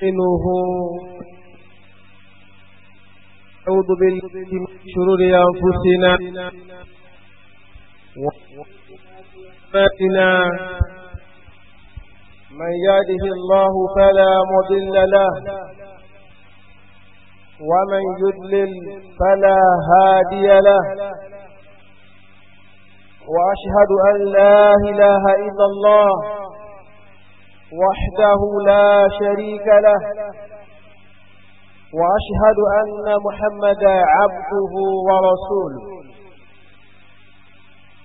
محسنه أعوذ بالله من شرور أنفسنا وأنفسنا من يهده الله فلا مضل له ومن يضلل فلا هادي له وأشهد أن لا إله إلا الله وحده لا شريك له وأشهد أن محمد عبده ورسوله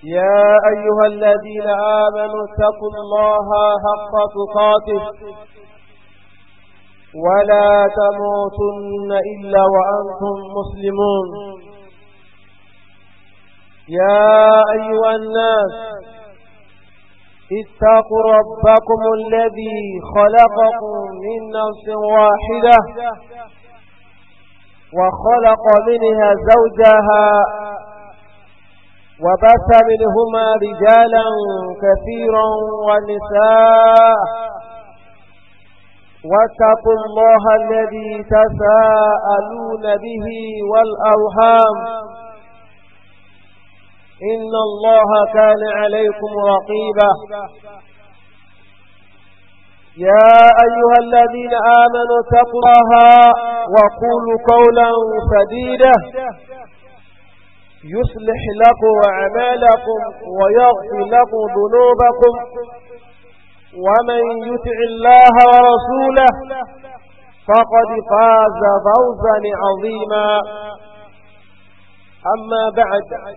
يا أيها الذين آمنوا اتقوا الله حق تقاته ولا تموتن إلا وأنتم مسلمون يا أيها الناس اتقوا ربكم الذي خلقكم من نفس واحدة وخلق منها زوجها وبث منهما رجالا كثيرا ونساء واتقوا الله الذي تساءلون به والأوهام إن الله كان عليكم رقيبا يا أيها الذين آمنوا تقرها وقولوا قولا سديدا يصلح لكم أعمالكم ويغفر لكم ذنوبكم ومن يتع الله ورسوله فقد فاز فوزا عظيما أما بعد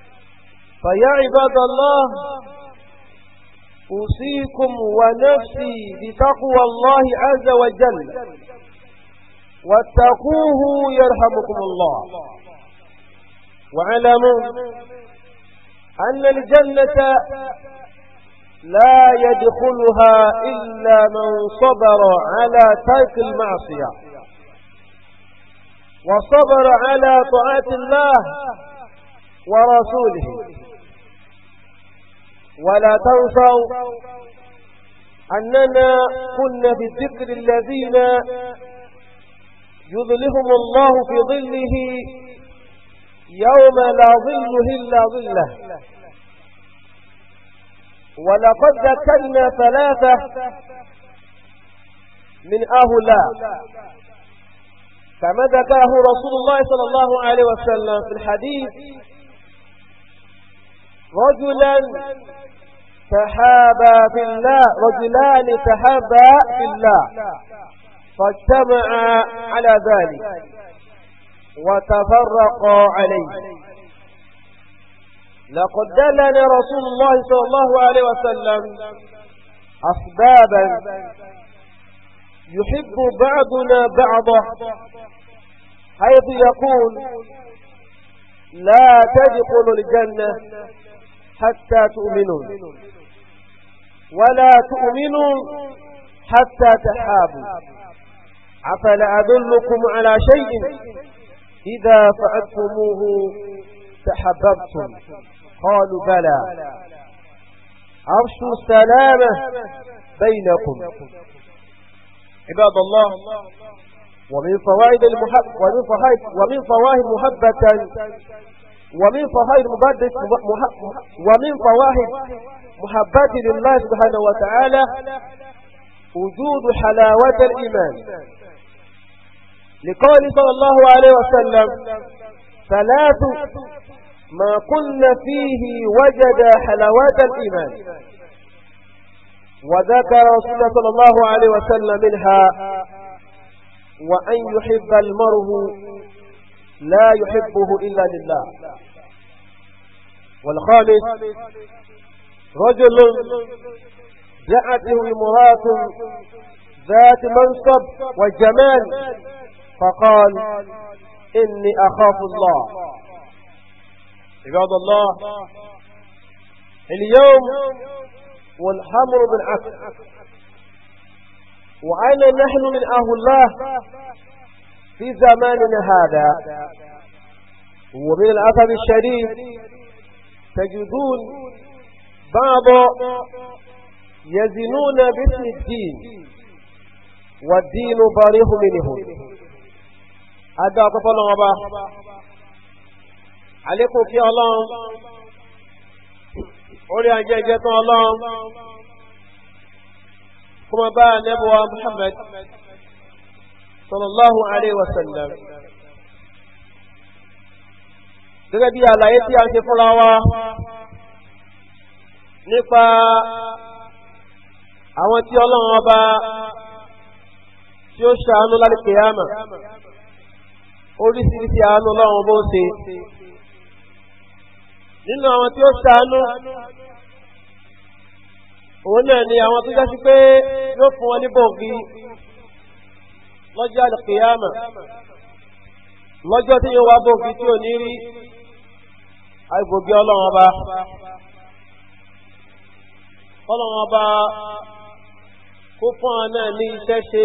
فيا عباد الله أوصيكم ونفسي بتقوى الله عز وجل واتقوه يرحمكم الله واعلموا أن الجنة لا يدخلها إلا من صبر على ترك المعصية وصبر على طاعة الله ورسوله ولا تنسوا أننا كنا بالذكر الذين يظلهم الله في ظله يوم لا ظل إلا ظله ولقد ذكرنا ثلاثة من أهلا كما ذكره رسول الله صلى الله عليه وسلم في الحديث رجلا تحابا في الله رجلان تحابا في الله فاجتمعا على ذلك وتفرقا عليه لقد دلنا رسول الله صلى الله عليه وسلم أسبابا يحب بعضنا بعضا حيث يقول لا تدخل الجنة حتى تؤمنوا ولا تؤمنوا حتى تحابوا أفلا أدلكم على شيء إذا فعلتموه تحببتم قالوا بلى أرسوا السلامة بينكم عباد الله ومن فوائد المحب ومن فوائد ومن فوائد محبة ومن فوائد مبادئ ومن فوائد محبات لله سبحانه وتعالى وجود حلاوة الإيمان لقول صلى الله عليه وسلم ثلاث ما قلنا فيه وجد حلاوة الإيمان وذكر رسول الله صلى الله عليه وسلم منها وأن يحب المرء لا يحبه إلا لله والخالص رجل جاءته امرأة ذات منصب وجمال فقال إني أخاف الله عباد الله اليوم والحمر بالعكس وأنا نحن من أهل الله في زماننا هذا ومن الأسف الشديد تجدون بعض يزنون باسم الدين والدين بريء منهم هذا طفل غبا عليكم في الله أولي يا جاء الله كما بقى نبوة محمد sallallahu alaihi wasallam gẹ́gẹ́ bí àlàyé tí a ń ṣe fúnra wa nípa àwọn tí ọlọ́run ọba tí ó ṣàánú lálùkè àmà oríṣiríṣi àánú ọlọ́run bó ṣe nínú àwọn tí ó ṣàánú òun náà ni àwọn tó jásí pé yóò fún wọn ní bòǹkì lọ́jọ́ àlùkìyàmà lọ́jọ́ tí yóò wá bògì tí ò ní rí àìbògì ọlọ́run ọba ọlọ́run ọba kó fún ọ náà ní iṣẹ́ ṣe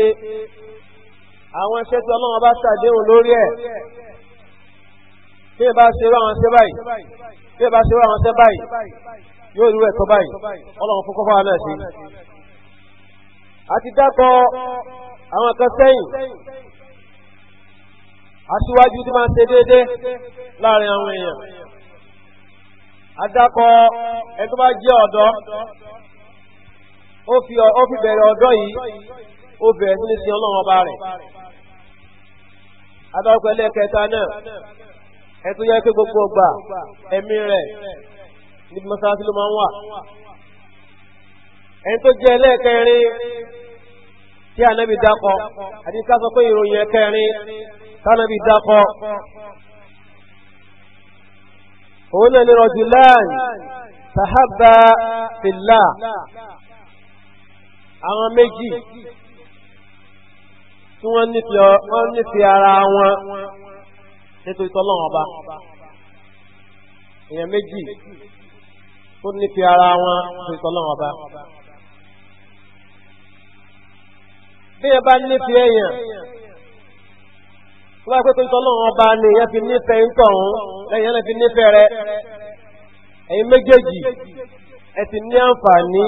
àwọn iṣẹ́ tí ọlọ́run ọba ṣàdéhùn lórí ẹ̀ tí ẹ bá ṣe wá àwọn ṣe báyìí tí ẹ bá ṣe wá àwọn ṣe báyìí yóò rí ẹ̀kọ́ báyìí ọlọ́run fún kọ́kọ́ náà sí. àti dákọ̀ àwọn kan sẹ́yìn aṣíwájú tí máa ṣe déédé láàrin àwọn èèyàn adakọ ẹni bá jẹ́ ọ̀dọ́ ó fi bẹ̀rẹ̀ ọ̀dọ́ yìí ó bẹ̀rẹ̀ sí ọlọ́run ọba rẹ̀ adarúkọ ẹlẹ́ẹ̀kẹta náà ẹ yẹ pé gbogbo ọgbà ẹ̀mí rẹ̀ níbi ló máa ń tí ànábì dákọ àti ká sọ pé ìròyìn ẹ̀kẹrin kánábì dákọ òun náà ní rọjùláàn sàhábà fìlà àwọn méjì tí wọ́n nífẹ̀ẹ́ ara wọn nítorí tọ́lọ́wọ́n ọba èèyàn méjì tó nífẹ̀ẹ́ ara wọn nítorí tọ́lọ́wọ́n ọba. téèyàn bá nífẹ̀ẹ́ èèyàn tó bá pẹ́ tó ń tọ́ lọ́wọ́ ọba ni èèyàn fi nífẹ̀ẹ́ ń tọ̀ ọ̀hún lẹ́yìn náà fi nífẹ̀ẹ́ rẹ ẹ̀yin méjèèjì ẹ ti ní àǹfààní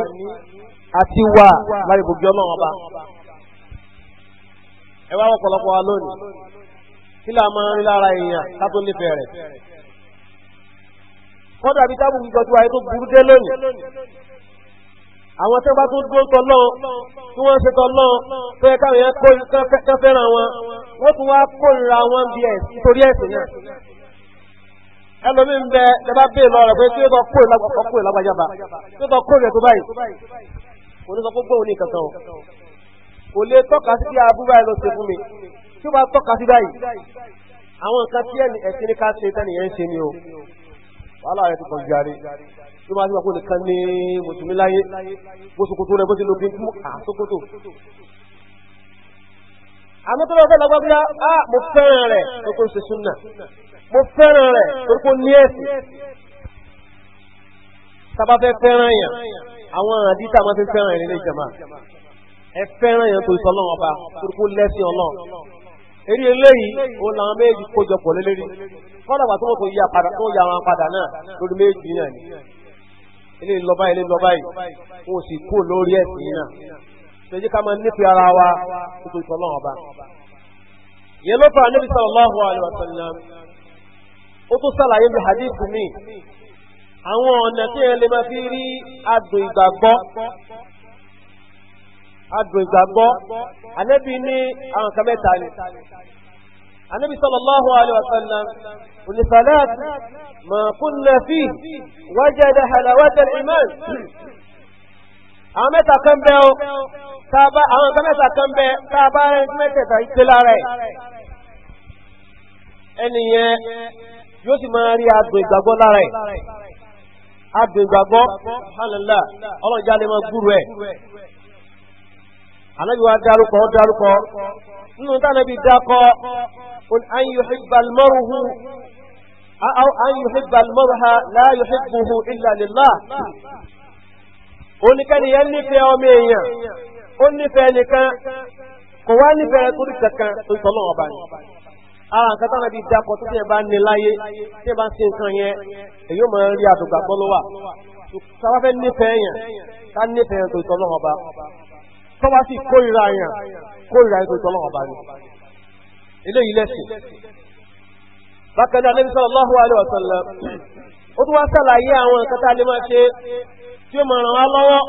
àti wà láti gbogbo ọlọ́wọ́ ọba ẹ wá ọ̀pọ̀lọpọ̀ wa lónìí kí là máa ń rí lára èèyàn ká tó nífẹ̀ẹ́ rẹ̀ kọ́dà bí tábù gbígbọ́ tí wáyé tó burú dé lónìí àwọn tó bá tún dúró tọ lọ́wọ́ tí wọ́n ń ṣe tọ lọ́wọ́ tó yẹ káwọn yẹn kó fẹ́ràn wọn wọ́n tún wá kórìíra wọn bí ẹ̀ nítorí ẹ̀sìn náà ẹlòmíín bẹ ẹ bá bèè lọ rẹ pé tí ó bá kórìíra kọ́ kórìíra lágbàjọba tí ó bá kórìíra tó báyìí kò ní sọ pé gbóhùn ní kankan o kò lè tọ́ka sí abúlé báyìí ló ṣe fún mi tí ó bá tọ́ka sí báyìí àwọn nǹkan tí ẹ̀sìn ní ká ṣe tẹ́nìyẹn ń ṣe ni o wàhálà rẹ ti kọ̀ jàre tó bá ti wà kó nìkan ní mùsùlùmí láyé bó ṣòkòtò rẹ bó ṣe lóbi fún àṣòkòtò. àmọ́ tó lọ́wọ́ fẹ́ lọ́gbọ́n bí a mo fẹ́ràn rẹ̀ tó kó ń ṣe súnà mo fẹ́ràn rẹ̀ tó kó ní ẹ̀sìn. sábà fẹ́ràn yàn àwọn àdìsá máa fi fẹ́ràn yàn nílé ìjọba ẹ fẹ́ràn yàn tó ìsọlọ́wọ́n tó kó lẹ́sìn ọlọ́run. eré eléyìí òun làwọn méjì kójọpọ̀ lélẹ́rí kọ́nà bàtí wọ́n tó yà padà pada yà wọn meju náà lórí náà ni ilé ń ilé ń lọ báyìí sì kú lórí náà ká máa ara wa nítorí sọ lọ́wọ́ bá. ìyẹn ló fà níbi sallallahu alaihi wasallam ó tún sàlàyé bí hadith mi àwọn ọ̀nà tí ẹ lè máa fi adùn ìgbàgbọ́ ànábì ní àwọn kan mẹ́ta ni ànábì sallallahu alaihi wasallam onífàlẹ́t ma kunna fi wajada halawata al-iman àwọn mẹ́ta kan bẹ́ o àwọn kan mẹ́ta kan bẹ́ tá a bá rẹ̀ mẹ́tẹ̀ẹ̀ta ìpè ẹ̀ ẹnìyẹn yóò sì máa rí adùn lára ẹ̀ adùn ìgbàgbọ́ anábì wa dárúkọ dárúkọ nínú tánàbí dákọ an yuhibba almaruhu aw an yuhibba almaruha la yuhibbuhu illa lillah oníkẹ́ni yẹn nífẹ̀ẹ́ ọmọ èèyàn ó nífẹ̀ẹ́ nìkan kò wá nífẹ̀ẹ́ torí kankan tó ń tọ́lọ́ ọba ni ara nǹkan táwọn ibi dapò tó tẹ̀ bá ní láyé tẹ̀ bá ń ṣe nǹkan yẹn èyí ò máa ń rí àdùgbà gbọ́ ló wà sábà fẹ́ nífẹ̀ẹ́ yẹn ká nífẹ̀ẹ́ tó ń tọ́lọ́ ọba tó bá sì kórìíra yẹn kórìíra yẹn tó tọ́lọ́ ọba ni eléyìí lẹ́sìn. bákan náà Ànábì sallallahu alaihi wasallam ó tún wá sàlàyé àwọn nǹkan tá a lè máa ṣe tí ó máa ràn wá lọ́wọ́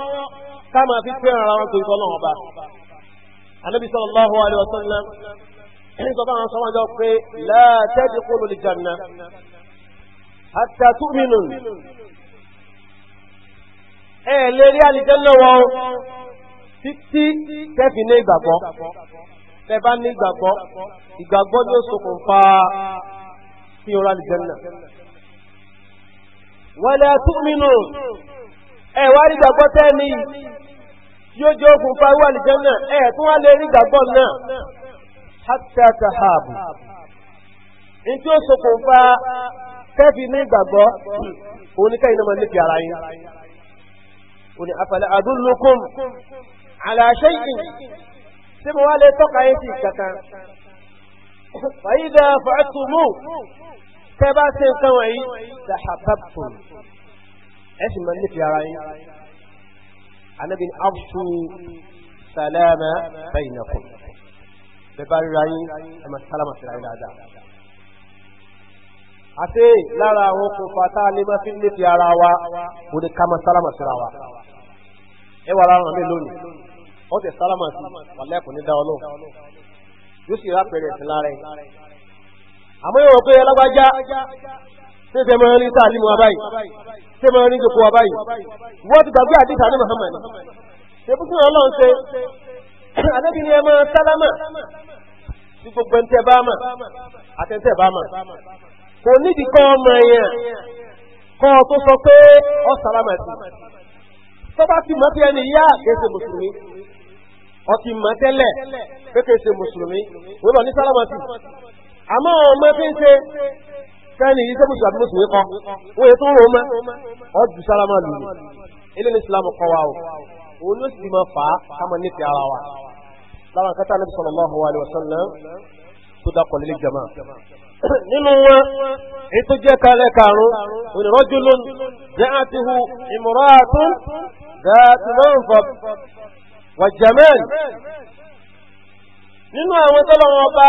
ká máa fi pé ara wọn tó tọ́lọ́ ọba. Ànábì sallallahu alaihi wasallam ẹni sọ fáwọn sọmọ jọ pé la tadkhulul janna hatta tu'minu ẹ̀ lè rí àlìjẹ́ náà títí tẹ́fì ní ìgbàgbọ́ tẹ́ bá ní ìgbàgbọ́ ìgbàgbọ́ ni ó ṣokùnfà kí o rà lè jẹ́nà. wọ́n lè tún mínú wá rí ìgbàgbọ́ tẹ́ni yóò jẹ́ okùnfà wà lè jẹ́nà ẹ̀ tún wá lè rí ìgbàgbọ́ náà hatta tahabu. n tí ó ṣokùnfà ní ìgbàgbọ́ òun náà máa ní fi ara yín. òun ni àdúlùkùn àlàṣẹ yìí tí mo wá lè tọ́ka yín sí kankan. fàyídà fàtúmù tẹ́ bá ṣe nǹkan wọ̀nyí sàhàbàbù ẹ sì máa nífẹ̀ẹ́ ara yín. anabi afṣu salama bainakum bẹ́ẹ̀ bá ríra yín ẹ máa sálámà síra yín dáadáa àti lára àwọn okùnfà tá a lè máa fi nífi ara wa kò ní ká máa sálámà síra wa ẹ wà lára mi lónìí ọ̀tẹ̀ sálámà sí wàlẹ́kùn ní dáwọ́ náà yóò sì rà pẹ̀rẹ̀ sí lára ẹ̀. àmọ́ ìwọ̀n pé alágbájá ṣé ṣe máa ń rí sáàlì wa ṣé máa ń rí jòkó wọ́n ti gbàgbé àdìsá ní Muhammad ṣe ọlọ́run ṣe àdébí ni ẹ máa sálámà sí gbogbo ẹni tẹ bá mà àtẹni tẹ bá mà kò nídìí kọ́ ọmọ yẹn kọ́ ọ tó sọ pé ọ sálámà sí tọ́ba ti mọ́ sí ọtí mọ̀ tẹ́lẹ̀ kéèké ṣe mùsùlùmí wọ́n lọ ní sálámọ́tì àmọ́ ọmọ tí ń ṣe fẹ́ni yìí sẹ́kùsù àbí mùsùlùmí kọ́ wọ́n yẹ tó ń rò mọ́ ọdún sálámà lù mí ilé ní ìsìlámù kọ́ wa o òun ló sì máa fà á káma nífẹ̀ẹ́ ara wa lára kátà níbi sallallahu alaihi wasallam tó dákọ̀ lílé jama nínú wọn èyí jẹ́ kálẹ̀ karùn onírọ́jú lónìí jẹ́ àtihù imra'atun dáàtì wàjàmẹ́ẹ̀lì nínú àwọn tọ́lọ́wọ́n ọba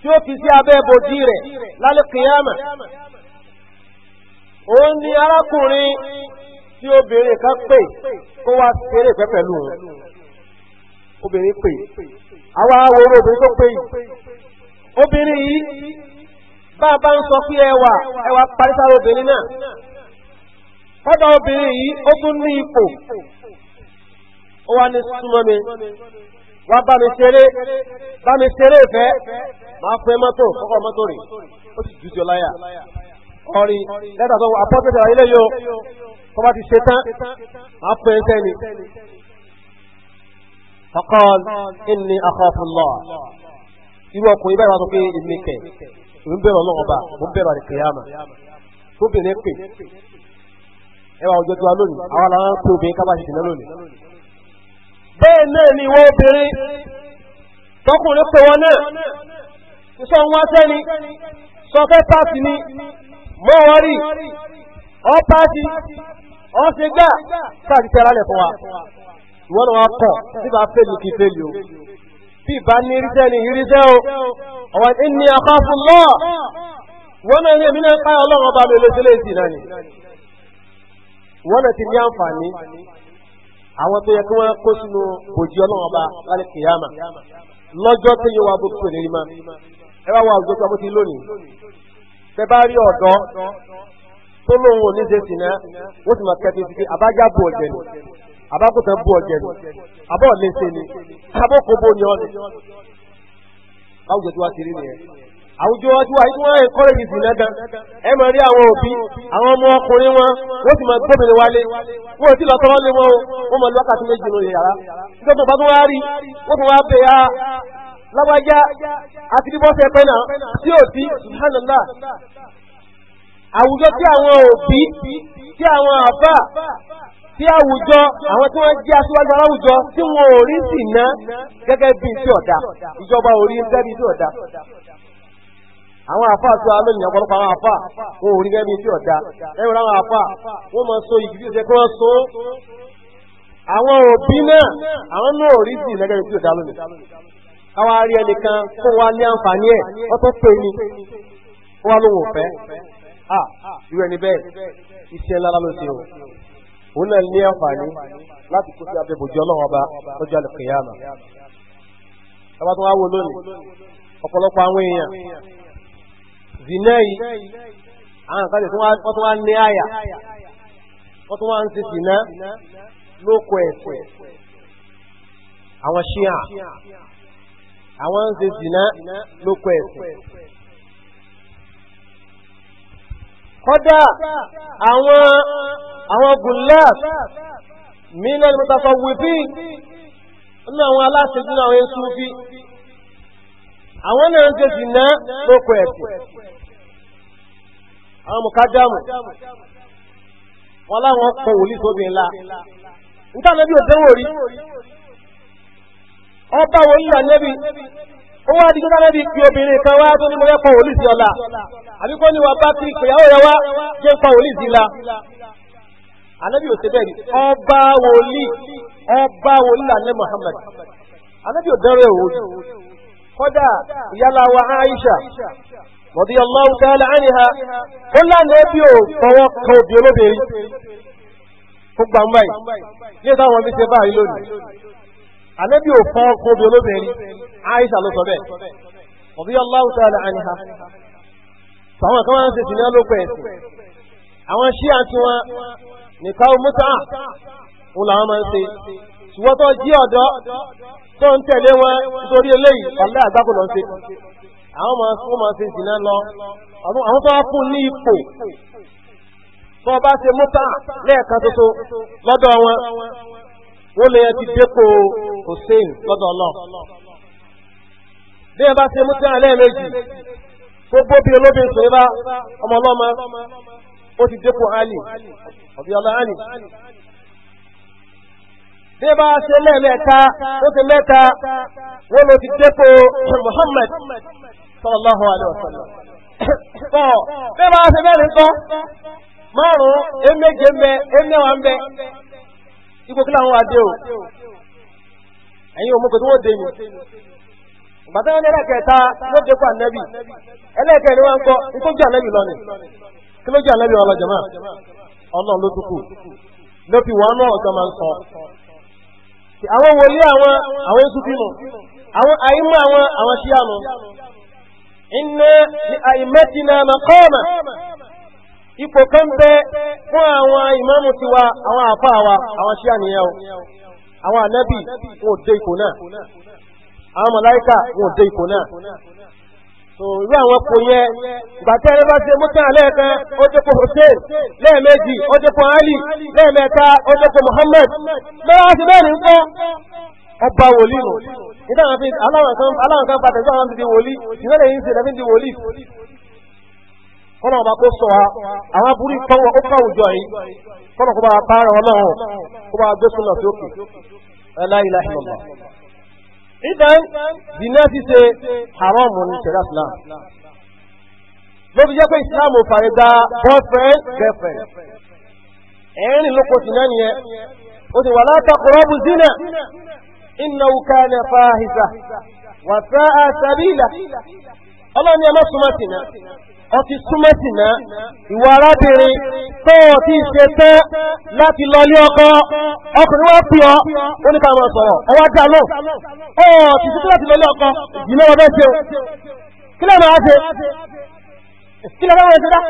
tí ó fi sí abẹ́ bòdì rẹ̀ lálẹ́ kìyàmà òun ni arákùnrin tí obìnrin kan pè kó wá ṣeré ìfẹ́ pẹ̀lú obìnrin pè àwa awòrán obìnrin tó pè yìí obìnrin yìí bá a bá ń sọ pé ẹwà ẹwà parí sára obìnrin náà kọ́dọ̀ obìnrin yìí ó ó wá ní súnmọ́ mi wá bá mi ṣeré bá mi ṣeré ìfẹ́ máa fẹ́ mọ́tò kọ́kọ́ mọ́tò rè ó sì jùjọ láyà ọrin lẹ́tà tó apọ́tẹ́tẹ̀ ilé yóò tó bá ti ṣe tán máa fẹ́ sẹ́ni. فقال إني أخاف الله irú ọkùnrin báyìí wá sọ pé èmi kẹ èmi bẹ̀rù ọlọ́run ọba mo bẹ̀rù àdìkìyàmà tó bẹ̀rẹ̀ pè ẹ wà ọjọ́ tó wa lónìí àwa làwọn pé ká bá ṣe dìnnà lónìí bẹ́ẹ̀ náà ni wọ́n obìnrin tọkùnrin pé wọn náà sọ wọn sẹ́ni sọ fẹ́ pàtì ni mọ́ wọn rí ọ pàtì ọ ṣe gbà sáàtì tẹ́ra lẹ̀ fún wa ìwọ́n náà wá kọ̀ nígbà fẹ́lú kì í fẹ́lú o bí ìbá ní irisẹ́ ni irisẹ́ o ọ̀wà ní àkọ́fún lọ́ wọ́n náà ní èmi náà káyọ̀ ọlọ́run ọba mi lóṣèlú èsì náà ni wọ́n náà ti ní àǹfààní àwọn tó yẹ kí wọ́n kó sínú bòjì ọlọ́run ọba lálẹ́ kìyàmà lọ́jọ́ tó yẹ wá gbogbo ìlérí ma ẹ bá wà àwùjọ tó abó ti lónìí tẹ bá rí ọ̀dọ́ tó lóun ò ní ṣe sì náà wọ́n ti máa kẹ́kẹ́ sí pé àbájá bu ọ̀jẹ̀ ni àbákùtà bu ọ̀jẹ̀ ni àbọ̀ lè ni àbọ̀kọ̀ ni ọ̀nì àwùjọ tó wá ti rí nìyẹn àwùjọ ọjọ́ àìkú wọn ẹ̀kọ́rẹ́jì sí lẹ́gán ẹ máa rí àwọn òbí àwọn ọmọ ọkùnrin wọn wọ́n sì máa gbóbìnrin wálé wọ́n ò tí lọ tọ́rọ́ lé wọn o wọ́n máa lọ́kàtí méjì lórí yàrá nígbà tó bá tó wá rí wọ́n tó wá bẹ̀ ya ah, lábájá àti bí bọ́sẹ̀ pẹ́ náà tí ò sí ìhánàlá àwùjọ tí àwọn òbí tí àwọn àfà tí àwùjọ àwọn tí wọ́n jẹ́ aṣíwájú aláwùjọ tí wọn ò rí sì ná gẹ́gẹ́ bí tí ọ̀dà ìjọba ò rí ń tẹ́bi tí ọ̀dà àwọn àfa tó a lóyìn ọ̀pọ̀lọpọ̀ àwọn àfa wọn ò rí gẹ́gẹ́ bí tí ọ̀dà ẹ̀rọ àwọn àfa wọn mọ so ìdílé ṣe kí wọ́n so àwọn òbí náà àwọn náà ò rí sí ìlẹ́gẹ́ bí tí ọ̀dà lónìí káwa rí ẹnìkan kó wa ní àǹfààní ẹ̀ wọ́n tó pè ní kó wa lóhùn ọ̀fẹ́ à irú ẹni bẹ́ẹ̀ iṣẹ́ ńlá ló ṣe o òun náà ní àǹfààní láti kó sí abẹ́bòjì ọlọ́wọ́ ọba lọ́jọ́ àlùkìyàmà zina yìí àwọn kan tó wọ́n tó wá ní àyà wọ́n tó wá ń ṣe zina lóko ẹ̀sìn àwọn ṣíà àwọn ń ṣe zina lóko ẹ̀sìn. kọ́dà àwọn àwọn gùnlẹ́f mílíọ̀nù mọ́tàfà wípé nínú àwọn aláṣẹ́jú náà ń súnfí àwọn náà ń tẹ̀sí ná lóko ẹ̀sìn àwọn wọn láwọn kọ wòlíì sóbìn ńlá nítorí bí òtẹ́wò rí ọba wòlíì ànẹ́bí ó wá kí obìnrin kan wá tó ní mo rẹ́pọ̀ ọ̀la àbíkọ́ ni wà bá kí ìpìyàwó rẹ̀ wá jẹ́ ń pa la wòlíì ọba kọ́dà ìyálà wa Aisha radiyallahu ta'ala anha ó lánàá ẹbí ò fọwọ́ kan òbí olóbìnrin ó gbà ń báyìí ní ìta àwọn ọmọdé báyìí lónìí ànábì ò fọwọ́ kan òbí olóbìnrin Aisha ló sọ bẹ́ẹ̀ radiyallahu ta'ala anha sàwọn kan tó ń tẹ̀lé wọn nítorí eléyìí ọ̀lẹ́ àgbákò lọ sí àwọn ọmọ fún ọmọ sí ìsìnà lọ àwọn tó fún ní ipò tó bá ṣe mọ́tà lẹ́ẹ̀kan tuntun lọ́dọ̀ wọn wọ́n lè ti dépò hussein lọ́dọ̀ ọlọ́ bí ẹ bá ṣe lẹ́ẹ̀mejì tó ọmọ bí ẹ bá ṣe lẹ́ẹ̀mẹ́ta ó ti mẹ́ta wọ́n ló ti dépò sallallahu alaihi wasallam. tọ́ bí bá ṣe mẹ́rin kọ́ márùn-ún eméje ń bẹ emẹ́wàá ń bẹ ipò kí làwọn adé o ẹ̀yin òmùkò wọ́n dé mi. bàtà wọn ní ẹlẹ́kẹ̀ẹ́ta ló ẹlẹ́kẹ̀ẹ́ ni wọ́n ń kọ́ kí ló jẹ́ ọlọ́run ló ló fi náà àwọn wòlé àwọn àwọn Sufi àwọn àìmọ́ àwọn àwọn Ṣíà nù inna ní àìmẹ́tìnà maqama ipò kan bẹ fún àwọn ìmáàmù tiwa àwọn àfa wa àwọn Ṣíà nìyẹn o àwọn irú àwọn kò yẹn ìgbàtẹ́ ẹni bá ṣe mútàn lẹ́ẹ̀kan ó jẹ́ kó hussein lẹ́ẹ̀mejì ó jẹ́ kó ali lẹ́ẹ̀mẹ́ta ó jẹ́ kó muhammad lọ́wọ́ sí bẹ́ẹ̀ ní ń kọ́ ọba wòlí nù nígbà wọn fi aláwọn kan pàtàkì àwọn ti di wòlí ìwé lè yín ṣe lẹ́bí di wòlí kọ́nà ọba kó sọ wa àwọn aburú ìkọ́wọ́ ó kọ́ àwùjọ yìí kọ́nà kó bá wa pààrọ̀ ọlọ́run kó bá wa gbé súnmọ̀ sókè ẹ̀ láyé ìdán dìná ṣíṣe haram ní ṣẹlẹ̀ islam ló no be islam ò fàyè boyfriend girlfriend ẹ̀rin ló kò o náà nìyẹn ó sì zina iná uka ní fàáhìsà wà sáà sàbílà ọlọ́ni ẹ ọtí súnmọ́ sí náà ìwà arábìnrin tó ti ṣe tẹ́ láti lọ lé ọkọ ọkùnrin wá pí ọ ó sọ̀rọ̀ ọwá dá lọ ọ ti ṣe tẹ́ láti lọ lé ọkọ ìlú ọmọ ṣe kí lẹ́nu á ṣe kí lẹ́nu á ṣe dá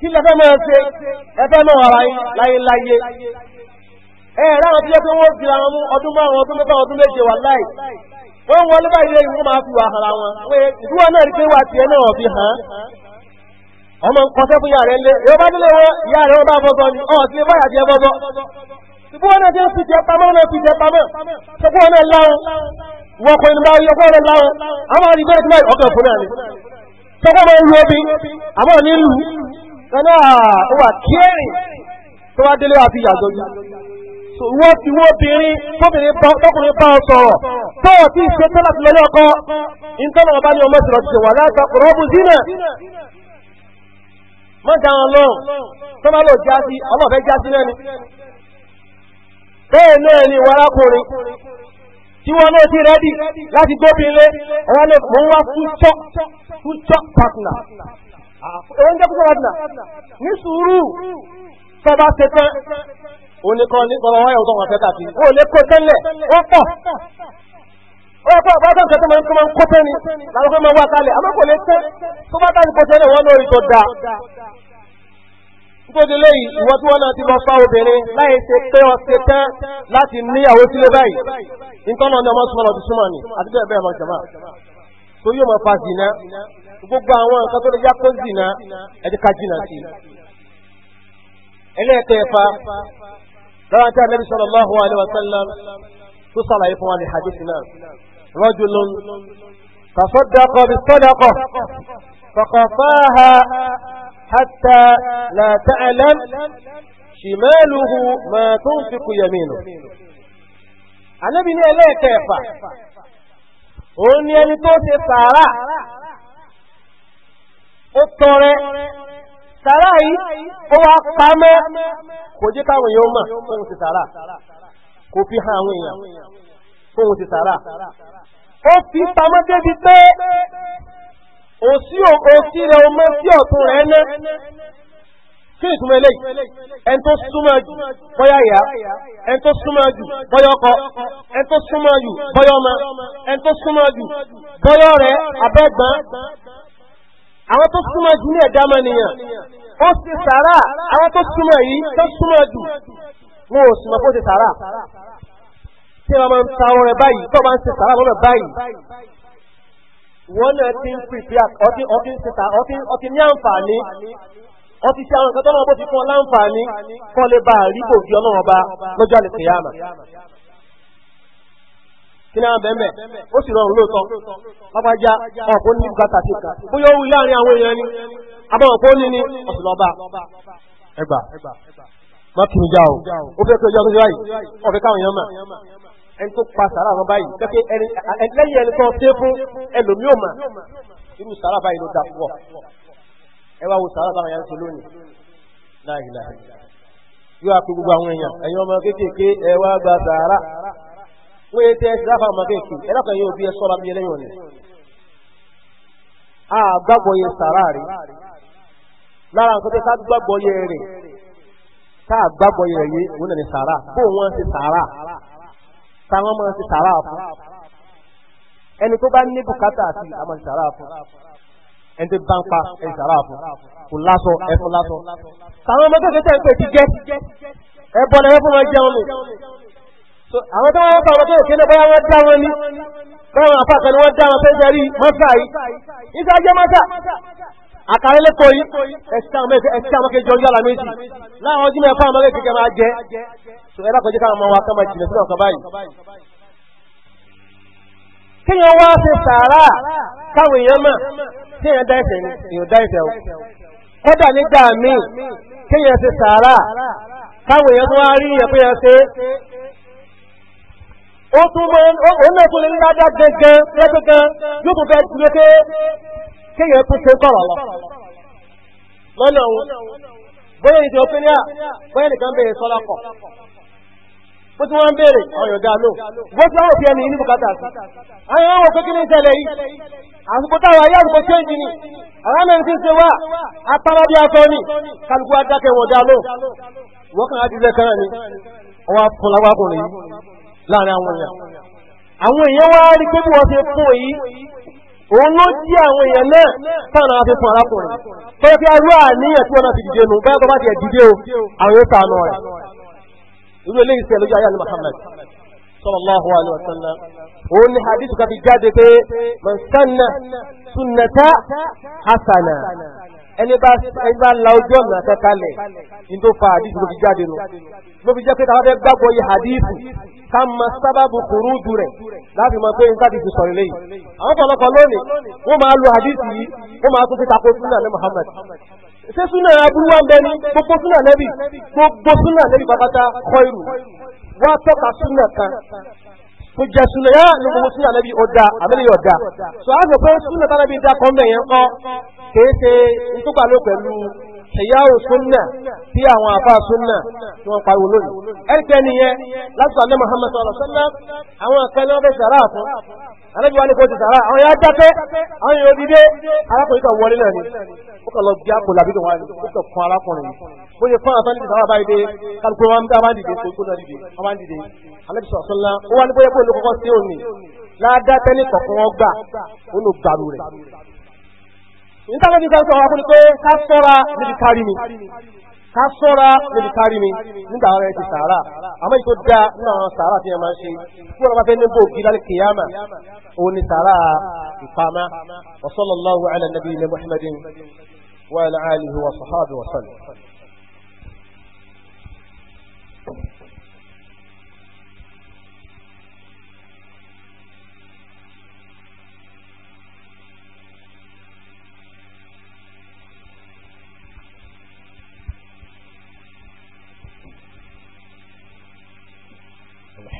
kí lẹ́nu á ṣe ẹgbẹ́ náà wà láyé láyé ẹ̀ẹ́dáwọn tí ó pé wọ́n ọdún márùn-ún ọdún mẹ́fà ọdún méje wà láì wọ́n wọ́n lọ́bàá ilé ìwọ́n máa fi wà ara wọn pé ìdúwọ́ náà rí pé wà tiẹ̀ náà fi hàn ọmọ kọsẹ́ fún yàrá ilé yóò bá nílé wọn ìyá rẹ̀ wọ́n bá bọ́bọ́ ni ọ̀ sí báyà jẹ́ bọ́bọ́ ìbúwọ́ náà jẹ́ fi jẹ pamọ́ náà fi jẹ pamọ́ ṣọgbọ́n náà láwọn wọ́n kọ́ inú báwọn yọgbọ́n náà láwọn àwọn àrígbẹ́ ìtumọ̀ ọkọ̀ fún náà ni ṣọgbọ́n máa ń lu obi àmọ́ nílùú kanáà ó wà kíẹ́rì tó wá délé àfi yàgò wọ́n ti wọ́n obìnrin tóbìnrin tọkùnrin bá ọ sọ̀rọ̀ tó o ti ṣe tẹ́lá ti lọ́lé ọkọ ìtọ́nà ọba ni ọmọ ìṣòro ti wà láti ọkùnrin ọbùn sínú mọ́ da wọn lọ tó máa lò já sí ọmọ náà ni bẹ́ẹ̀ náà ni ìwọ arákùnrin tí wọ́n náà ti rẹ́dì láti gbóbin lé ọwọ́ lè mú wá fúnṣọ́ fúnṣọ́ partner òun jẹ́ fúnṣọ́ partner ní sùúrù tọba ṣetán ó ní kọ́ ní kọ́lọ́ wáyà ọ̀dọ́ wọn fẹ́ tàbí ó lè kó tẹ́lẹ̀ ó pọ̀ ó pọ̀ bọ́dọ̀ nǹkan tó máa ń kó máa ń kó tẹ́ni làwọn fẹ́ máa wá kalẹ̀ àmọ́ kò lè tẹ́ tó bá tàbí kó tẹ́lẹ̀ wọn lórí tó da nítorí léyìí ìwọ tí wọn náà ti lọ fa obìnrin láì ṣe pé ọ ṣe tán láti níyàwó sílé báyìí nítorí ọ̀nà ọmọ súnmọ́ lọ́dún súnmọ́ ni àti bẹ́ẹ̀ bẹ́ẹ̀ mọ̀ jọ̀mọ́ tó yóò mọ̀ fa zìnà gbogbo àwọn nǹkan tó lè yá kó zìnà ẹ̀dí ká jìnà sí i ẹlẹ́ẹ̀kẹfà فأتى النبي صلى الله عليه وسلم صلاة إخوان حديثنا رجل تصدق بالصدقة فقفاها حتى لا تعلم شماله ما تنفق يمينه النبي لا عليه كيفا ni ẹni tó ṣe tara yi ó wá pamọ́ kò jẹ́ káwọn èèyàn mọ̀ fóun ti sàrá kò fi hàn àwọn èèyàn fóun ti sàrá ó fi pamọ́ débi pé òsí òsí rẹ̀ ọmọ sí ọ̀tún rẹ̀ ná kí ni túnmọ̀ eléyìí tó ọkọ ẹni tó súnmọ́ jù bọ́yá ọmọ ẹni tó súnmọ́ jù àwọn tó súnmọ́ jù ní ẹ̀dá mọ́niyàn ó ṣe sàárà àwọn tó súnmọ́ yìí tó súnmọ́ jù wọn ò súnmọ́ kó ṣe sàárà tí wọ́n máa ń ta ọrẹ báyìí tó bá ń ṣe sàárà lọ́nà báyìí wọ́n náà ti ń pèsè ọtí ọtí ń ṣe sàárà ọtí ní àǹfààní ọtí ṣe àwọn nǹkan tó náà bó ti fún ọ láǹfààní kọ́ lè bá àríkò bí ọlọ́run ọba lọ́jọ́ àlè kí náà bẹ́ẹ̀ ó sì rọrùn lóòótọ́ lápájá ọ̀pọ̀ ní bùkátà sí kan bóyá ó wí láàrin àwọn èèyàn ni abọ́ ọ̀pọ̀ ní ní ọ̀sùnlọ́ba ẹgbà má tún já o ó fẹ́ pé ọjọ́ tó yáyì ọ̀fẹ́ káwọn èèyàn mà ẹni tó pa sàrà àwọn báyìí pẹ́pẹ́ lẹ́yìn ẹni tó ṣe fún ẹlòmíò mà irú sàrà báyìí ló dà pọ̀ ẹ wá wo sàrà báwọn yàrá ṣe lónìí láàyè yóò wọ́n yẹ tẹ́ síláfà màkẹ́kì ẹlẹ́kọ̀ọ́ yóò bí ẹ sọ́ra bí ẹlẹ́yìn ọ̀nà a gbàgbọ́ yẹ sàrà rí lára nǹkan tẹ́ ká gbàgbọ́ yẹ rẹ̀ ká gbàgbọ́ yẹ yé òun nà ní sàrà bó wọn ti sàrà táwọn máa ti sàrà fún ẹni tó bá ní bùkátà àti àmọ́ ti sàrà fún ẹni tó bá ń pa ẹni sàrà fún kò lásọ ẹfún lásọ. táwọn ọmọ kékeré tẹ̀ ń pè ti gẹ́ ẹ bọ́ lẹ́yìn fún wọn jẹun nù. àwọn tó wọ́n bá wọn tó òkè náà báyá wọ́n dá wọn ní báwọn ni wọ́n mọ́sá yìí jẹ́ mọ́sá yìí ẹ̀sìn àwọn kejì ọjọ́ láwọn ọdún mẹ́fà àwọn máa jẹ́ sọ káwọn ọmọ wa máa jìnà sínú báyìí. ṣe sàárà káwọn èèyàn mọ̀ ni èèyàn dá o nígbà míì sàárà káwọn èèyàn tó wá rí pé o tún mọ́ òun náà tún lè ládá gẹ́gẹ́ lẹ́gbẹ̀gẹ́ yóò tún fẹ́ dúró pé kéèyàn tún ṣe kọ̀rọ̀ lọ. lọ́nà òun bóyá ìjọ pé ní à bóyá nìkan bèèrè sọ́lá kọ̀ bó wọ́n ọ̀yọ̀ dá lò bó wọ́n fi ẹni bùkátà sí. àwọn ohun ìṣẹ̀lẹ̀ yìí àsìkò táwọn ayé jì ní àwọn ẹni tí ń ṣe wá afọ kálukú dá lò wọ́n kàn á ọwọ́ láàrin àwọn èèyàn àwọn èèyàn wá rí pé bí wọ́n ṣe fún èyí òun ló jí àwọn èèyàn náà sáànà àti fún arákùnrin tó yẹ kí arú àníyàn tí wọ́n náà ti dìde nù bẹ́ẹ̀ tó bá ti ẹ̀ dìde o àwọn yóò sànù rẹ̀ irú eléyìí sí ẹlójú ayé àlè Muhammad sallallahu alaihi wa sallam òun ni hadith kan fi jáde pé man sunnata hasana ẹni bá la ojú ọ̀nà àtẹ́kalẹ̀ ní tó fa àdìsí ló fi jáde nù ló fi jẹ́ pé táwọn fẹ́ gbàgbọ́ yìí àdìsí ká mọ sábàbù kùrú dù rẹ̀ láti mọ pé nǹkan àdìsí sọ̀rọ̀ lẹ́yìn àwọn ọ̀pọ̀lọpọ̀ lónìí wọ́n máa lo àdìsí yìí wọ́n máa tún fi tako súnà ní Muhammad ṣé súnà abúlúwà ń bẹ ní gbogbo súnà lẹ́bì gbogbo súnà lẹ́bì pàpàtà kọ́ irù wọ́n á tọ́ka súnà kan tó jẹ́ súnà yá ní gbogbo súnà lẹ́bi ọ̀dà àbẹ́lẹ̀ yóò dà sọ á sọ pé súnà tá lẹ́bi dà kan bẹ̀yẹn kọ́ suna ṣe nítorí ló pẹ̀lú ṣèyáwó súnà tí àwọn àfa súnà tí wọ́n pariwo lónìí ẹ̀ríkẹ́ nìyẹn láti sọ alábi wa ni kò ti sàrà àwọn yà dákẹ́ àwọn yóò dìde arákùnrin kan wọlé náà ni ó kàn lọ bí àpò làbí kan wá ní ó kàn fún arákùnrin yìí ó yẹ fún àtàlẹ́ ìsàrà báyìí dé kálukú wọn bá wọn dìde kókó náà dìde wọn bá ń dìde alábi sọ̀rọ̀ sọ́nà ó wà ní bóyá kó ló kọ́kọ́ sí òní ládàtẹ́ ní kọ̀ọ̀kan wọn ó ló gbàrú rẹ̀ nítorí bí kan sọ̀rọ̀ kasora sọ́ra níbi kárí mi nígbà àwọn ẹ̀ ti sàárà àmọ́ ìtò dá nínú àwọn sàárà tí wọ́n máa ń ṣe tí bá fẹ́ níbo kí lálẹ́ kìyàmà o ni sara ìfàmà wa sallallahu ala nabiyina muhammadin wa ala alihi wa sahbihi wa sallam.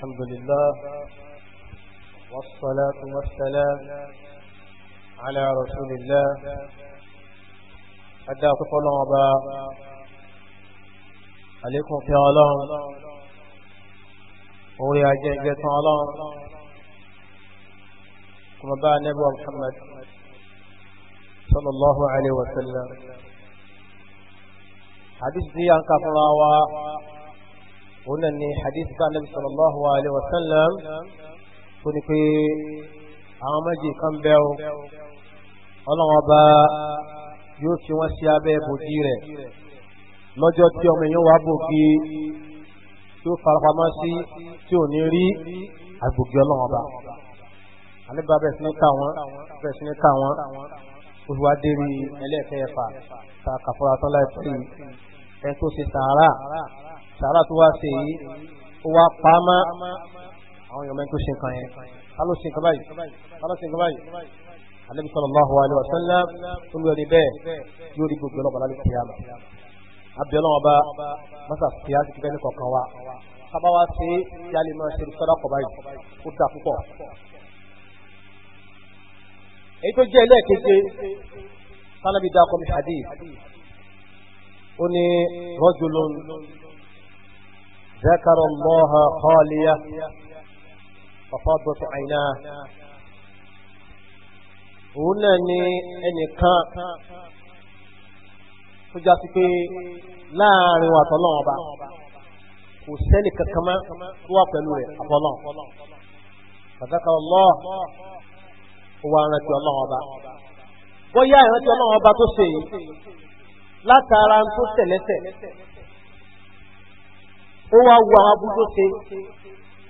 الحمد لله والصلاة والسلام على رسول الله أدى قفل عبا عليكم في علام أولي أجيجة علام كما باع نبوة محمد صلى الله عليه وسلم حديث دي عن òun náà ni hadith kan nabi sallallahu alayhi wa sallam tó ní pé àwọn méjì kan bẹ́ o ọlọ́run ọba yóò fi wọ́n sí abẹ́ bòjì rẹ̀ lọ́jọ́ tí ọmọ èèyàn wà bògì tí ó farapamọ́ sí tí ò ní rí àgbògì ọlọ́run ọba àlébà bẹ́ẹ̀ sí ní ká wọn bẹ́ẹ̀ sí ní ká wọn olùwà débi ta kàfọ́ra tán láìpẹ́ yìí tó ṣe sàárà sàrà tó wá sí yìí ó wá pa á mọ́ àwọn èèyàn mẹ́rin tó ṣe nǹkan yẹn ká ló ṣe nǹkan báyìí ká ló ṣe nǹkan báyìí alẹ́ bí sallallahu alaihi wa sallam tó ń lọ ní bẹ́ẹ̀ yóò rí gbogbo ọlọ́pàá lálẹ́ kíyàmá abiola ọba masa fiya ti bẹni kọkan wa kaba wa se yali ma se sọdọ kọba yi o da púpọ̀. èyí tó jẹ́ ẹlẹ́ẹ̀keje sanabi dakọ̀ mi hadith ó ní rọ́jòlón ذكر الله خالية ففضت عيناه òun náà ni ẹnìkan tó kankan mọ́ tó wà pẹ̀lú rẹ̀ àbọ̀lọ́ kàdákà ọlọ́ wa rántí ọlọ́run ó wá wo àwọn aburú tó ṣe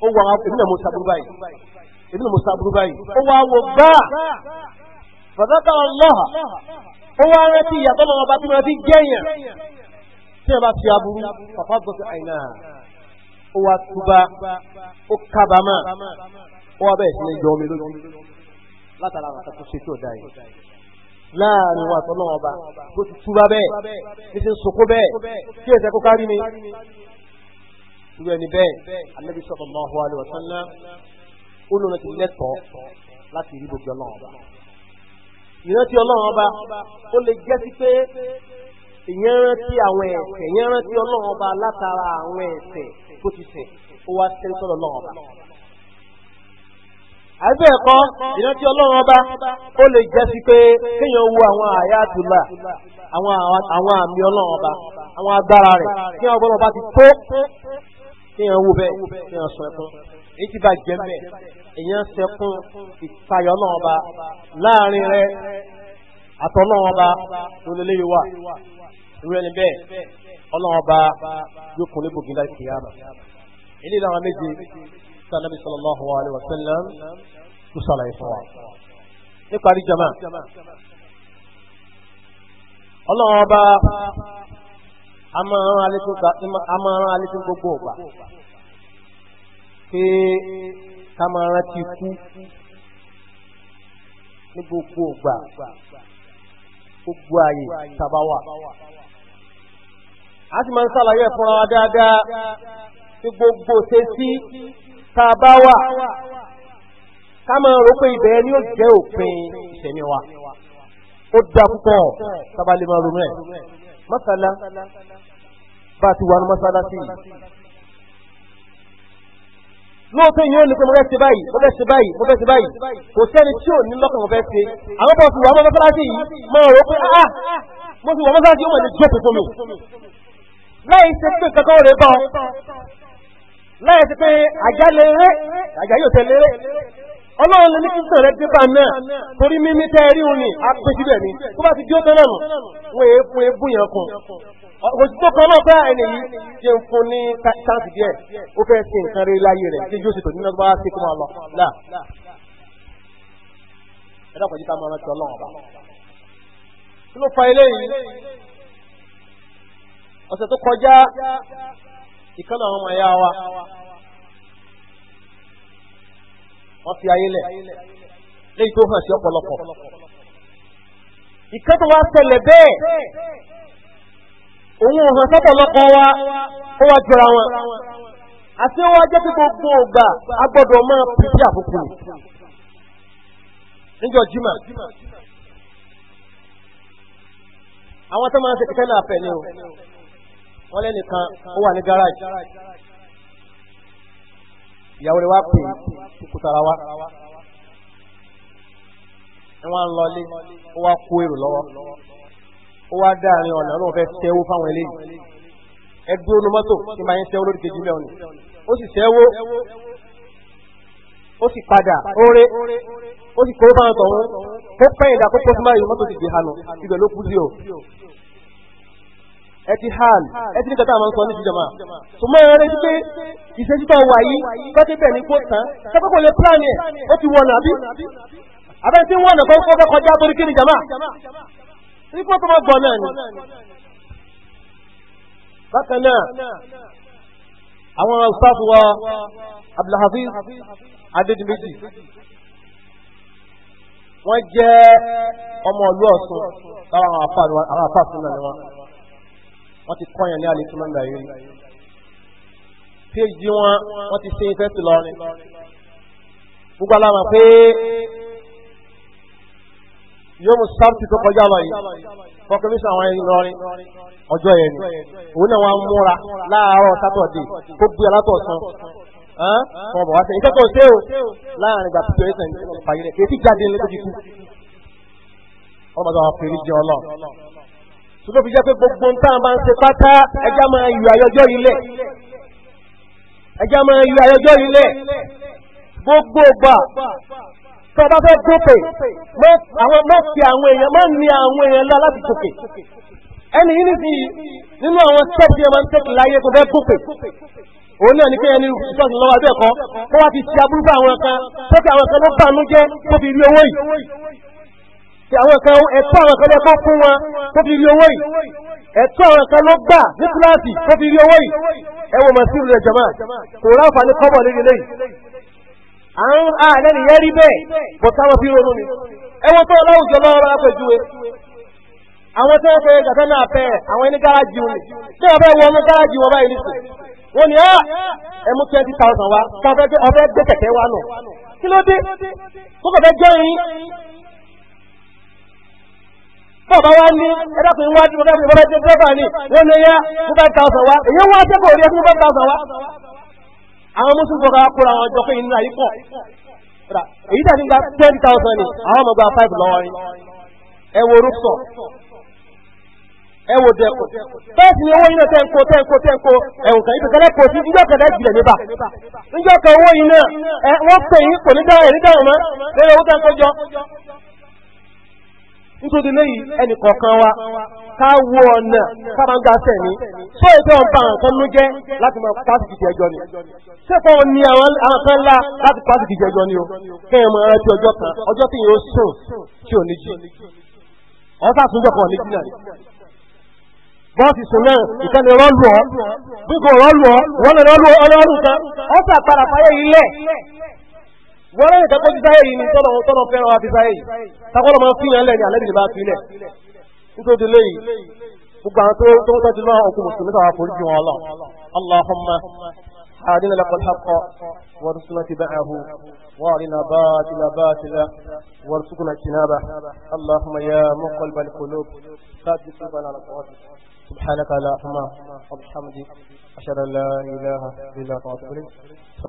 ó wo àwọn èmi náà mo sàbúrú báyìí èmi náà mo sàbúrú báyìí ó wá wo báà fàdákà ọlọ́hà ó wá rántí ìyàtọ̀ lọ́wọ́ bá tí wọ́n ti gẹ̀yàn tí wọ́n bá fi aburú pàpà bọ́ sí ó wá túbá ó kábàámà ó wá bẹ̀rẹ̀ sí ní yọ omi lójú látara àtàkùn ṣe tí dá yìí láàrin wa àtọ́lọ́wọ́ ọba tó ti túbá bẹ́ẹ̀ ní ti ń sokó bẹ́ẹ̀ kí èsẹ̀ kó kárí mi irú ẹni bẹ́ẹ̀ anabi sallallahu alaihi wasallam ó lóun ti lẹ́tọ̀ọ́ láti rí gbogbo ọlọ́run ọba ìrántí ọlọ́run ọba ó lè jẹ́ sí pé èèyàn rántí àwọn ẹ̀ṣẹ̀ èèyàn rántí ọlọ́run ọba látara àwọn ẹ̀ṣẹ̀ tó ti ṣẹ̀ ó wá sẹ́rí sọ́dọ̀ ọlọ́run ọba àbí ẹ̀kọ́ ìrántí ọlọ́run ọba ó lè jẹ́ sí pé kéèyàn wo àwọn àyàtúlà àwọn àmì ọlọ́run ọba àwọn agbára rẹ̀ kí ọgbọ́n ọba ti tó kéèyàn wò bẹ́ẹ̀ kéèyàn sọ ẹkún èyí tí bá jẹ́ mẹ́ èyàn sẹkún ìtayọ̀ náà ba láàrin rẹ àtọ̀ náà ba lólélé yìí wà irú ẹni bẹ́ẹ̀ ọlọ́run ba yóò kún ní bògì láì kìyàmà ilé ìlànà méje tí anabi sallallahu alaihi wa sallam tó sàlàyé fún wa nípa rí jama ọlọ́run ba a máa rán alétí gbogbo ọ̀gbà pé ká máa rántí kú ní gbogbo ọ̀gbà gbogbo ààyè tàbáwà. a sì máa ń sàlàyé ẹ̀fúnra wa dáadáa ní gbogbo tẹ́sí tàbáwà ká máa rò pé ibẹ̀ ni ó jẹ́ òpin ìṣẹ̀mí wa ó dá púpọ̀ tábàlì máa ronú ẹ̀. Masala, bá ti masala ní mọ́sálá sí i lóòótọ́ yìí ó ní pé mo fẹ́ ṣe báyìí mo fẹ́ ṣe báyìí mo fẹ́ ṣe báyìí kò sẹ́ni tí ò ní lọ́kàn mo fẹ́ ṣe àwọn bọ̀ ti wà mọ́ mọ́sálásí yìí mo rò pé ah mo ti wà mọ́sálásí yóò mọ̀ ní jókòó fún mi láì ṣe pé kankan ò lè bọ̀ láì ṣe pé àjálẹ̀ eré àjálẹ̀ yóò tẹ̀lé eré ọlọ́run lè ní kí sàn rẹ pépà náà torí mímí tẹ́ rí òun ni a pé síbẹ̀ ni tó bá ti di ó tán náà nù wọ́n èé fún ebú yẹn kùn òṣìṣẹ́ kan náà fẹ́ ẹni yìí ṣe ń fún ní táǹtì díẹ̀ ó fẹ́ ṣe nǹkan rí láyé rẹ̀ ṣe yóò ṣètò nínú ọgbà ṣe kó máa lọ náà ẹ dákọ̀ jí ká máa rántí ọlọ́run ọba kí ló fa eléyìí ọ̀sẹ̀ tó kọjá ìkànnì àwọn ọmọ ẹ̀yà wa wọ́n fi ayé lẹ̀ léyìí tó hàn sí ọ̀pọ̀lọpọ̀. ìkẹ́tọ̀ wa bẹ́ẹ̀ òun ò hàn sọ́pọ̀lọpọ̀ wa kó wa jọra wọn àti wọn jẹ́ pé gbogbo ògbà a gbọ́dọ̀ máa pèsè àbùkù jimá àwọn tó máa ń ṣe ni o wọ́n lẹ́nìkan ó wà ní ìyàwó rẹ̀ wá pè é kó tara wá wọ́n ń lọlé ó wá kó èrò lọ́wọ́ ó wá dá àárín ọ̀nà lóun fẹ́ tẹ́wó fáwọn eléyìí ẹgbẹ́ onomọ́tò tí máa ń tẹ́wó lórí kejì mẹ́wọ̀n ni ó sì tẹ́wó ó sì padà óre ó sì kó fáwọn tọ̀hún kó pẹ́yìn dà kó pọ́sí máa ti di hànú ibẹ̀ ló kú sí o ẹti hàn ẹti ní kẹta àwọn sọ ní ìjọba tó mọ́ ẹ̀rẹ́ sí pé ìṣẹ́sítọ̀ wà yìí kọ́tíbẹ̀ ní kó tán kẹ́kọ́ kò lè plan ẹ̀ ó ti wọ̀nà àbí abẹ́rẹ́ tí wọ́n nàkọ́ kọ́kọ́ kọjá torí kí ni jama ní kó tó mọ́ gbọ́ náà ni. bákan náà àwọn ọ̀sáfù wa abdulhafiz adédìméjì wọ́n jẹ́ ọmọ ìlú Ọ̀ṣun táwọn àwọn afáàfin náà ni wọ́n wọ́n ti kọ́ yẹn ní alẹ́ tí wọ́n ń gbà yìí phd wọn wọ́n ti ṣe ifẹsẹ lọrin gbogbo alama pé yóò mú sábtì tó kọjá lọ yìí kọkẹmísọ àwọn ẹni lọrin ọjọ́ yẹn ni òun náà wọ́n múra láàárọ̀ sátọ̀dé kó bí alátọ̀sán e kọ bọ̀ wá sẹ́yìn ìkẹ́kọ̀ọ́ ṣé o láàrin ìgbà pípẹ́ ẹ̀sẹ̀ nípa yìí rẹ̀ kì í ti jáde lójú kíkú ọmọdé àwọn fèrè jẹ ọlọ́ọ̀ tó ló fi jẹ́ pé gbogbo ń tàn bá ń ṣe pátá ẹjá máa yọ àyọjọ́ ilẹ̀ ẹjá máa yọ àyọjọ́ ilẹ̀ gbogbo gbà tó bá fẹ́ gòkè àwọn mọ́ọ̀kì àwọn èèyàn máa ń ní àwọn èèyàn lọ láti gòkè ẹni yìí nìsín nínú àwọn tẹ́kì ẹ̀ma ń tẹ́kì láyé tó fẹ́ gòkè òun náà ní pé ẹni ìṣọ́sìn lọ́wọ́ abẹ́ẹ̀kọ́ tó wá ti ṣe aburú bá àwọn kan tó fi àwọn kan ló bá àánú jẹ́ tó fi rí owó yìí ti àwọn kan ẹ̀tọ́ àwọn kan fún wọn tó fi rí owó yìí ẹ̀tọ́ àwọn kan ló gbà ní kíláàsì tó fi rí owó yìí ẹwọ́n mọ̀ sí ìlú ẹ̀jọ̀mọ́ kò ráǹfà ní kọ́bọ̀ lórí lẹ́yìn. à ń a lẹ́nu yẹn rí bẹ́ẹ̀ bọ̀ táwọn fi ronú ni tó láwùjọ lọ́wọ́ àwọn tó ń fẹ́ náà àwọn ẹni gáràjì wọn wọ́n fẹ́ wọ bàbá wa ní ẹ̀dàkùn ìwádìí bàbá ìbí bàbá jẹ́ ní wọ́n ní yá tó bá ta wa èyí wọ́n bá wa. àwọn mùsùlùmí àwọn ọjọ́ ayé pọ̀ èyí ten thousand ni àwọn ọmọ gba five lọ́wọ́ ẹ wo ẹ wo ni owó yìí náà kan ìtẹ̀kẹ́lẹ́ kò sí nítorí lẹ́yìn ẹnì kọ̀ọ̀kan wa ká wo ọ̀nà sábàǹgà sẹ̀mí tó ètò ọ̀npa nǹkan ló jẹ́ láti máa pàṣẹ kìkì ẹjọ́ ni. sẹ́fọ̀ ni àwọn kan lá láti pàṣẹ kìkì ẹjọ́ ni o kẹ́yìn mọ̀ ẹ́ ti ọjọ́ kan ọjọ́ tí yóò sùn tí ò ní jí. ọ̀sà àtúnjọ kan ní jí náà bọ́ọ̀sì sùn náà ìkànnì rọ́ọ̀lù ọ́ bí kò rọ́ọ̀lù ọ́ wọ́n lè rọ́ọ̀lù ọ́ wọ́n rẹ̀ kẹ́kọ́ sí sáyẹ̀ yìí ni tọ́lọ̀ tọ́lọ̀ fẹ́ràn wa fi sáyẹ̀ yìí takọ́lọ̀ máa fi hàn lẹ́ni àlẹ́bí ni bá fi lẹ̀ nítorí léyìí gbogbo àwọn tó tó ń tọ́jú náà òkú mùsùlùmí tàwa forí ju wọn lọ aláhùnmá àdínà lẹ́kọ̀ọ́ lẹ́kọ̀ọ́ wọ́n tún súnmọ́ ti bẹ́ẹ̀ hù wọ́n rí na bá ti na bá ti la wọ́n tún kùnà kìnnàbà aláhùnmá yá mọ́kànlá balẹ̀ kòló sáàtì tó bá nàlọ́ سبحانك اللهم وبحمدك أشهد أن لا إله إلا أنت أستغفرك